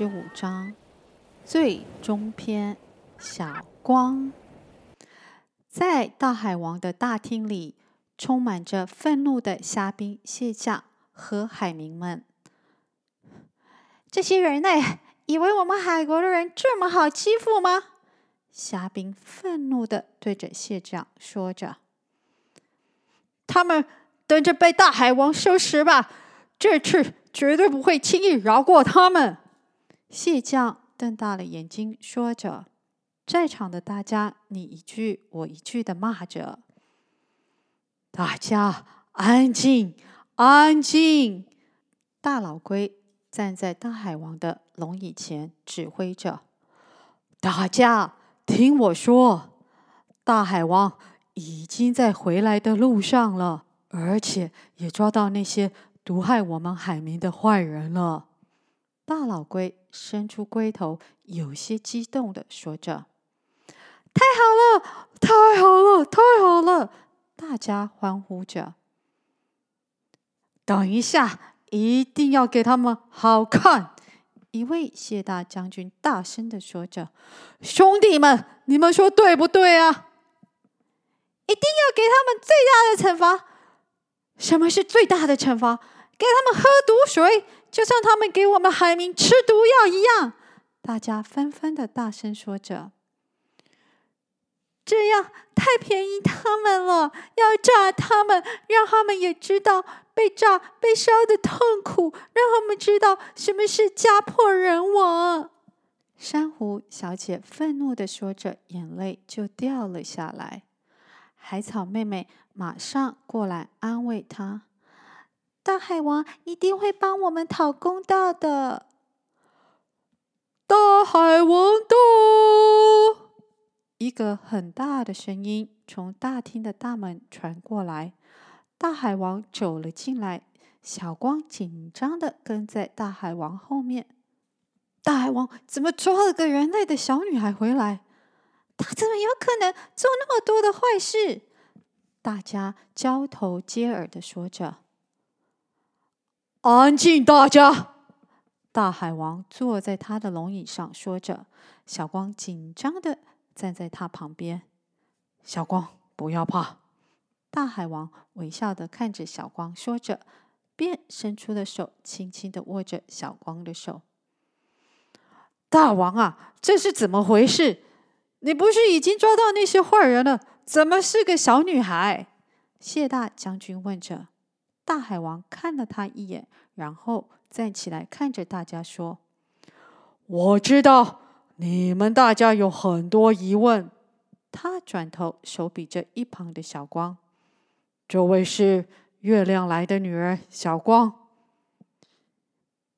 第三十五章，最終篇。小光在大海王的大廳裡，充滿着憤怒的蝦兵蟹將和海民們。這些人類以為我們海國的人這麼好欺負嗎？蝦兵憤怒的對着蟹將說着：“他們等着被大海王收拾吧！這次絕對不會輕易饒過他們。”蟹將瞪大了眼睛，說着：“在場的大家，你一句我一句的罵着。”大家安靜，安靜！大老龜站在大海王的龍椅前，指揮着：“大家聽我說，大海王已經在回來的路上了，而且也抓到那些毒害我們海民的壞人了。”大老龜。伸出龜頭，有些激動的說着：“太好了，太好了，太好了！”大家歡呼着。等一下，一定要給他們好看！一位蟹大將軍大聲的說着：“兄弟們，你們說對不對啊？一定要給他們最大的懲罰。什麼是最大的懲罰？給他們喝毒水。”就像他們給我們海民吃毒藥一樣，大家紛紛的大聲說着：“這樣太便宜他們了！要炸他們，讓他們也知道被炸、被燒的痛苦，讓他們知道什麼是家破人亡。”珊瑚小姐憤怒地說着，眼淚就掉了下來。海草妹妹馬上過來安慰她。大海王一定會幫我們討公道的。大海王到，一個很大的聲音從大廳的大門傳過來。大海王走了進來，小光緊張的跟在大海王後面。大海王怎麼抓了個人類的小女孩回來？他怎麼有可能做那麼多的壞事？大家交頭接耳的說着。安靜，大家。大海王坐在他的龍椅上，說着，小光緊張的站在他旁邊。“小光，不要怕。”大海王微笑的看着小光，說着，便伸出了手輕輕的握着小光的手。“大王啊，這是怎麼回事？你不是已經抓到那些壞人了？怎麼是個小女孩？”謝大將軍問着。大海王看了他一眼，然後站起來看着大家說：“我知道你們大家有很多疑問。”他轉頭，手比着一旁的小光：“這位是月亮來的女兒，小光。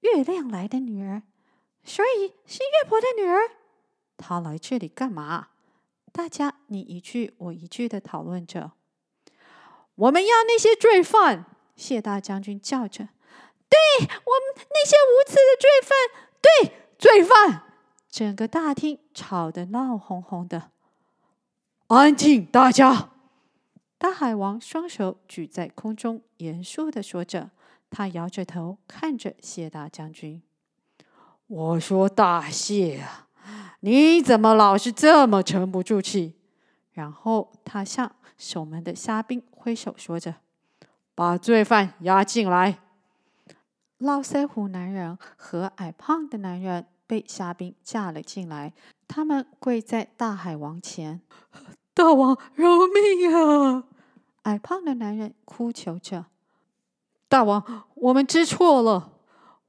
月亮來的女兒，所以是月婆的女兒。她來這裡幹嘛？”大家你一句我一句的討論着：“我們要那些罪犯。”蟹大將軍叫着：“對我們那些無恥的罪犯，對罪犯！”整個大廳吵得鬧哄哄的。安靜，大家！大海王雙手舉在空中，嚴肅的說着，他搖着頭看着蟹大將軍：“我說大蟹啊，你怎麼老是這麼沉不住氣？”然後他向守門的蝦兵揮手說着。把罪犯押進來。絡腮胡男人和矮胖的男人被蝦兵架了進來，他們跪在大海王前：“大王饒命啊！”矮胖的男人哭求着：“大王，我們知錯了，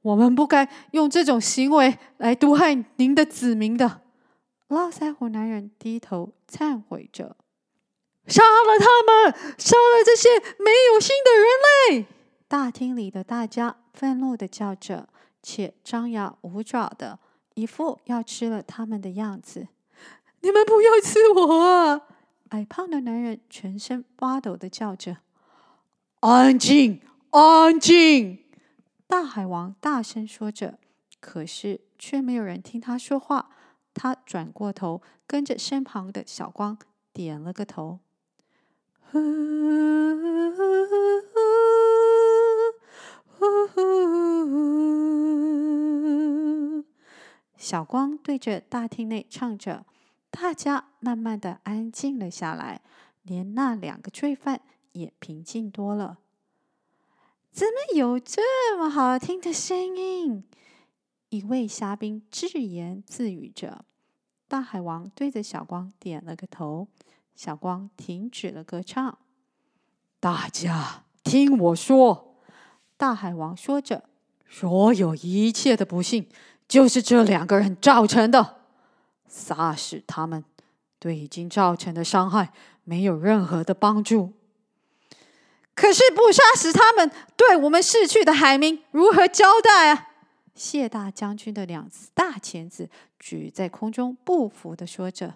我們不該用這種行為來毒害您的子民的。”絡腮胡男人低頭懺悔着。殺了他們！殺了這些沒有心的人類！大廳裡的大家憤怒的叫着，且張牙舞爪的，一副要吃了他們的樣子。你們不要吃我啊！矮胖的男人全身發抖的叫着：“安靜，安靜！”大海王大聲說着，可是卻沒有人聽他說話。他轉過頭，跟着身旁的小光點了個頭。嗚嗚嗚嗚，小光對着大廳內唱着，大家慢慢的安靜了下來，連那兩個罪犯也平靜多了。怎麼有這麼好聽的聲音？一位蝦兵自言自語着。大海王對着小光點了個頭。小光停止了歌唱。大家聽我說，大海王說着：“所有一切的不幸，就是這兩個人造成的。殺死他們，對已經造成的傷害沒有任何的幫助。可是不殺死他們，對我們逝去的海民如何交代啊？”蟹大將軍的兩只大鉗子舉在空中，不服的說着：“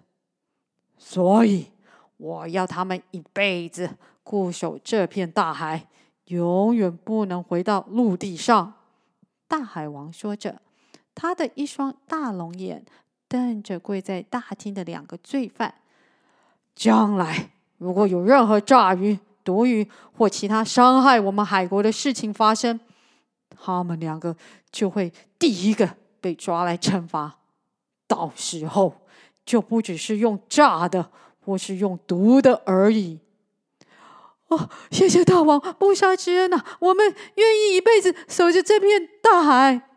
所以。”我要他們一輩子固守這片大海，永遠不能回到陸地上。」大海王說着，他的一雙大龍眼瞪着跪在大廳的兩個罪犯。「將來如果有任何炸魚、毒魚或其他傷害我們海國的事情發生，他們兩個就會第一個被抓來懲罰。到時候就不只是用炸的。」我是用毒的而已。哦，謝謝大王不殺之恩吶、啊，我們願意一輩子守着這片大海，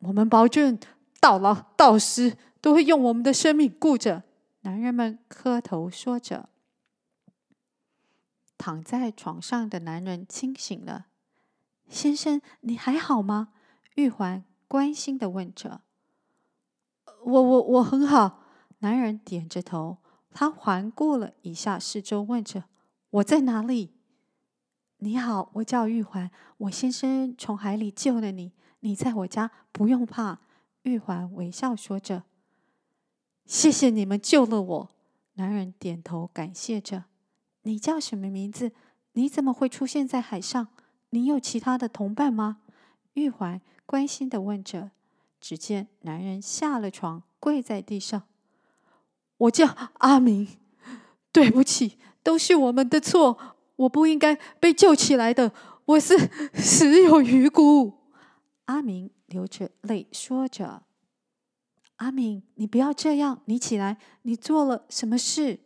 我們保證到老到死都會用我們的生命護着。男人們磕頭說着。躺在床上的男人清醒了。先生，你還好嗎？玉環關心的問着。我我我很好。男人點着頭。他環顧了一下四周，問着：“我在哪裡？”“你好，我叫玉環，我先生從海裡救了你。你在我家，不用怕。”玉環微笑說着：“謝謝你們救了我。”男人點頭感謝著。“你叫什麼名字？你怎麼會出現在海上？你有其他的同伴嗎？”玉環關心的問着。只見男人下了床，跪在地上。我叫阿明，對不起，都是我們的錯，我不應該被救起來的，我是死有餘辜。 阿明流着淚說着：“阿明，你不要這樣，你起來，你做了什麼事？”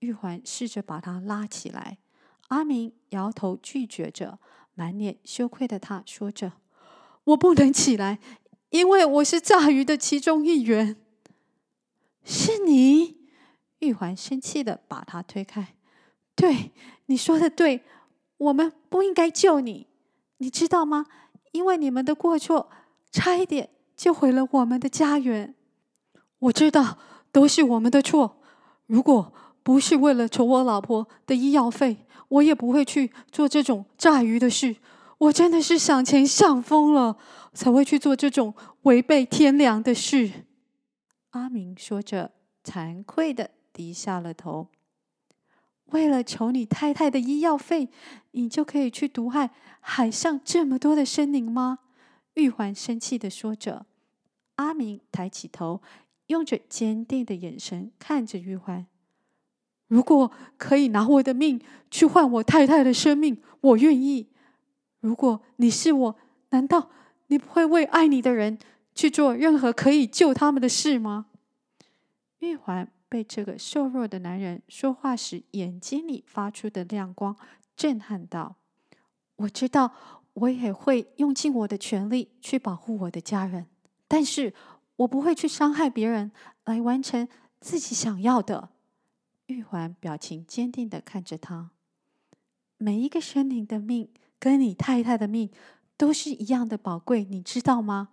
玉環試着把他拉起來，阿明搖頭拒絕着，滿臉羞愧的他說着：“我不能起來，因為我是炸魚的其中一員。”是你。玉環生氣的把他推開，對，你說的對，我們不應該救你，你知道嗎？因為你們的過錯，差一點就毀了我們的家園。我知道，都是我們的錯。如果不是為了籌我老婆的醫藥費，我也不會去做這種炸魚的事。我真的是想錢想瘋了，才會去做這種違背天良的事。阿明說着，慚愧的。低下了頭。為了求你太太的醫藥費，你就可以去毒害海上這麼多的生靈嗎？玉環生氣地說着。阿明抬起頭，用着堅定的眼神看着玉環。如果可以拿我的命去換我太太的生命，我願意。如果你是我，難道你不會為愛你的人去做任何可以救他們的事嗎？玉環，被這個瘦弱的男人說話時眼睛裡發出的亮光震撼到，我知道我也會用盡我的全力去保護我的家人，但是我不會去傷害別人來完成自己想要的。玉環表情堅定的看着他，每一個生靈的命跟你太太的命都是一樣的寶貴，你知道嗎？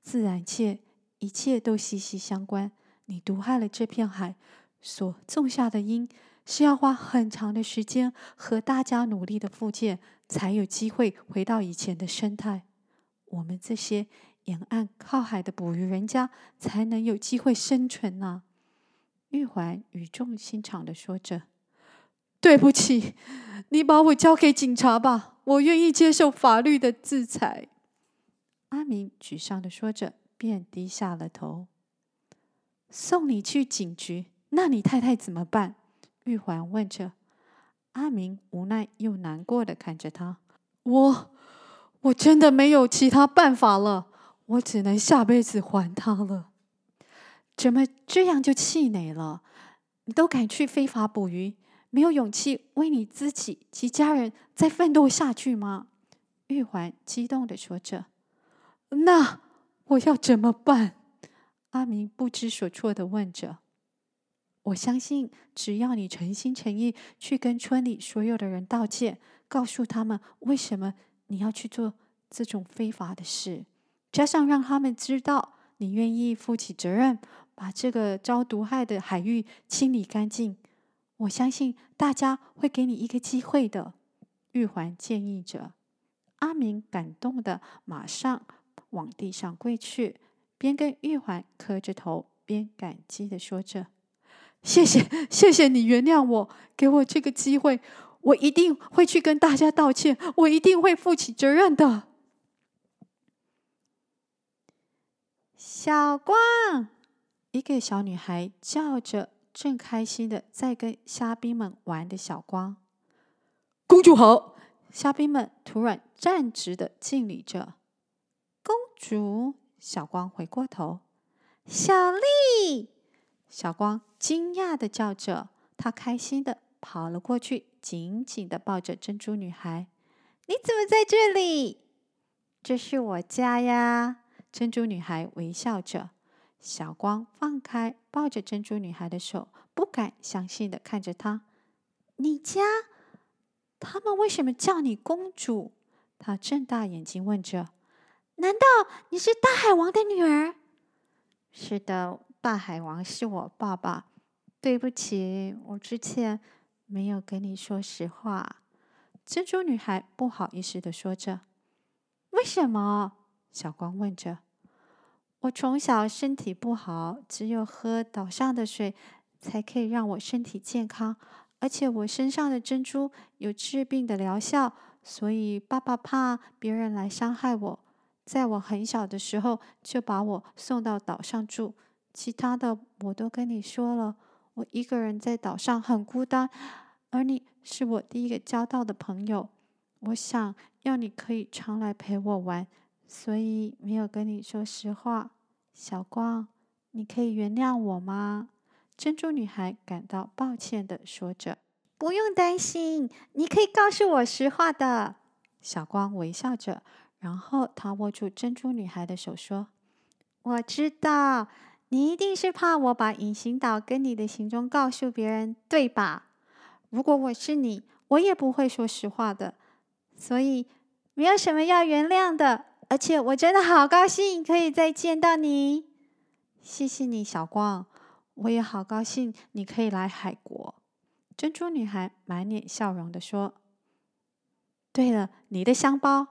自然界一切都息息相關。你毒害了這片海，所種下的因是要花很長的時間和大家努力的復建，才有機會回到以前的生態。我們這些沿岸靠海的捕魚人家，才能有機會生存呢、啊。玉環語重心長的說着：“對不起，你把我交給警察吧，我願意接受法律的制裁。”阿明沮喪的說着，便低下了頭。送你去警局，那你太太怎麼辦？玉環問着。阿明無奈又難過的看着她，我我真的沒有其他辦法了，我只能下輩子還他了。怎麼這樣就氣餒了？你都敢去非法捕魚，沒有勇氣為你自己及家人再奮鬥下去嗎？玉環激動的說着。那我要怎麼辦？阿明不知所措的問着：“我相信，只要你誠心誠意去跟村裡所有的人道歉，告訴他們為什麼你要去做這種非法的事，加上讓他們知道你願意負起責任，把這個遭毒害的海域清理乾淨，我相信大家會給你一個機會的。”玉環建議着。阿明感動的馬上往地上跪去。邊跟玉環磕着頭，邊感激的說着：“謝謝，謝謝你原諒我，給我這個機會，我一定會去跟大家道歉，我一定會負起責任的。”「小光」，一個小女孩叫着。正開心的在跟蝦兵們玩的小光，「公主好！」蝦兵們突然站直的敬禮着，「公主。」。小光回過頭，小麗，小光驚訝的叫着，他開心的跑了過去，緊緊的抱着珍珠女孩。你怎麼在這裡？這是我家呀！珍珠女孩微笑着。小光放開抱着珍珠女孩的手，不敢相信的看着她。你家？他們為什麼叫你公主？他睜大眼睛問着。難道你是大海王的女兒？是的，大海王是我爸爸。對不起，我之前沒有跟你說實話。”珍珠女孩不好意思地說着。“為什麼？”小光問着。“我從小身體不好，只有喝島上的水才可以讓我身體健康，而且我身上的珍珠有治病的療效，所以爸爸怕別人來傷害我。”在我很小的時候，就把我送到島上住。其他的我都跟你說了。我一個人在島上很孤單，而你是我第一個交到的朋友。我想要你可以常來陪我玩，所以沒有跟你說實話。小光，你可以原諒我嗎？珍珠女孩感到抱歉地說着。不用擔心，你可以告訴我實話的。小光微笑着。然後他握住珍珠女孩的手，說：“我知道，你一定是怕我把隱形島跟你的行蹤告訴別人，對吧？如果我是你，我也不會說實話的。所以沒有什麼要原諒的。而且我真的好高興可以再見到你，謝謝你，小光。我也好高興你可以來海國。”珍珠女孩滿臉笑容的說：“對了，你的香包。”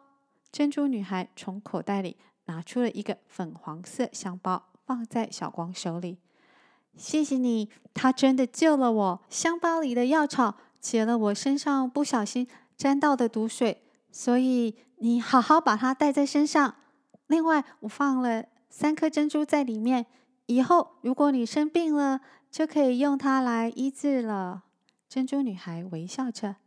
珍珠女孩從口袋裡拿出了一個粉黃色香包，放在小光手裡。“謝謝你，它真的救了我。香包裡的藥草解了我身上不小心沾到的毒水，所以你好好把它帶在身上。另外，我放了三顆珍珠在裡面，以後如果你生病了，就可以用它來醫治了。”珍珠女孩微笑着，“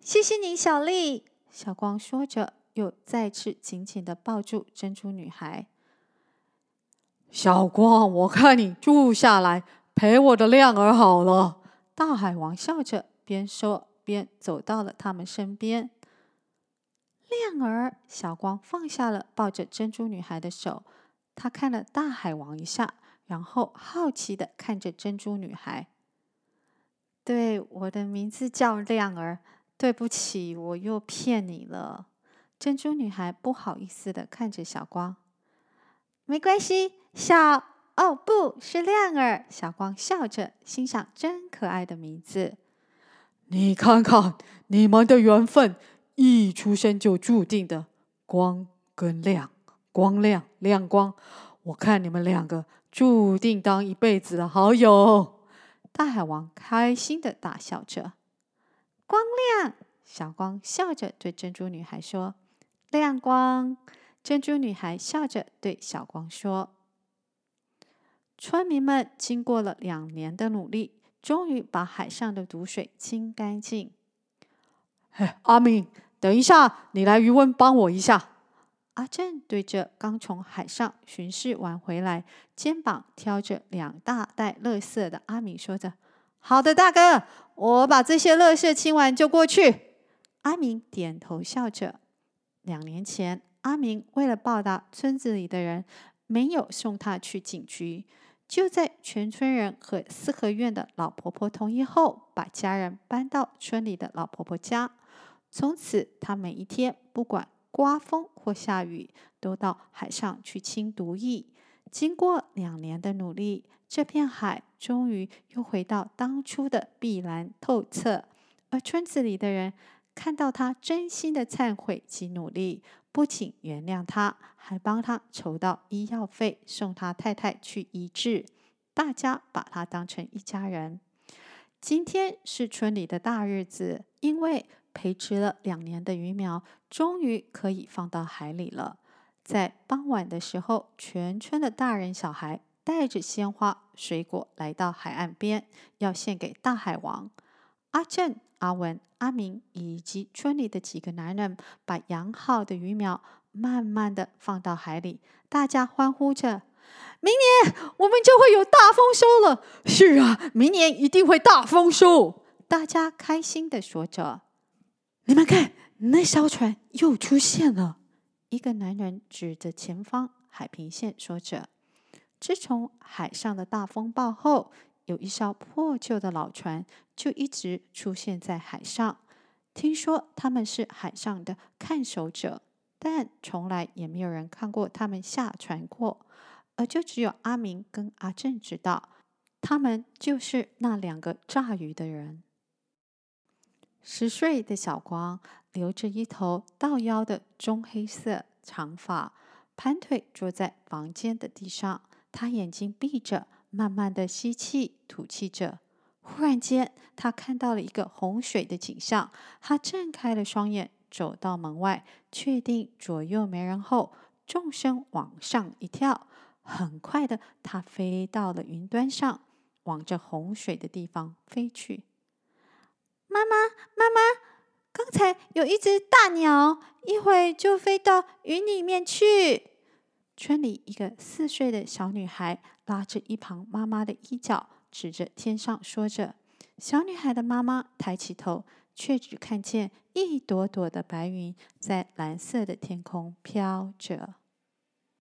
謝謝你，小麗。”小光說着。又再次緊緊的抱住珍珠女孩。「小光，我看你住下來，陪我的亮兒好了。」大海王笑着，邊說邊走到了他們身邊。「亮兒，」小光放下了抱着珍珠女孩的手，他看了大海王一下，然後好奇的看着珍珠女孩。「對，我的名字叫亮兒，對不起，我又騙你了。」珍珠女孩不好意思地看着小光，沒關係，小哦不是亮兒。小光笑着心想，真可愛的名字。你看看你們的緣分，一出生就注定的光跟亮，光亮亮光，我看你們兩個注定當一輩子的好友。大海王開心的大笑着，光亮。小光笑着對珍珠女孩說。亮光，珍珠女孩笑着對小光說：“村民們經過了兩年的努力，終於把海上的毒水清乾淨。”嘿，阿明，等一下，你來漁翁幫我一下。阿正對着剛從海上巡視完回來，肩膀挑着兩大袋垃圾的阿明說，說着：“好的，大哥，我把這些垃圾清完就過去。”阿明點頭笑着。兩年前，阿明為了報答村子裡的人沒有送他去警局，就在全村人和四合院的老婆婆同意後，把家人搬到村裡的老婆婆家。從此，他每一天不管颳風或下雨，都到海上去清毒液。經過兩年的努力，這片海終於又回到當初的碧藍透徹，而村子裡的人。看到他真心的懺悔及努力，不僅原諒他，還幫他籌到醫藥費，送他太太去醫治。大家把他當成一家人。今天是村裡的大日子，因為培植了兩年的魚苗，終於可以放到海裡了。在傍晚的時候，全村的大人小孩帶着鮮花、水果來到海岸邊，要獻給大海王。阿正、阿文、阿明以及村裡的幾個男人，把養好的魚苗慢慢地放到海裡，大家歡呼着：“明年我們就會有大豐收了！”是啊，明年一定會大豐收！大家開心地說着。你們看，那艘船又出現了！一個男人指着前方海平線說着：“自從海上的大風暴後。”有一艘破舊的老船，就一直出現在海上。聽說他們是海上的看守者，但從來也沒有人看過他們下船過，而就只有阿明跟阿正知道，他們就是那兩個炸魚的人。十歲的小光留着一頭到腰的棕黑色長髮，盤腿坐在房間的地上，他眼睛閉着。慢慢的吸氣，吐氣着。忽然間，他看到了一個洪水的景象。他睜開了雙眼，走到門外，確定左右沒人後，縱身往上一跳。很快的，他飛到了雲端上，往這洪水的地方飛去。媽媽，媽媽，剛才有一隻大鳥，一會就飛到雲裡面去。村裡一個四歲的小女孩，拉着一旁媽媽的衣角，指着天上說着。小女孩的媽媽抬起頭，卻只看見一朵朵的白雲在藍色的天空飄着。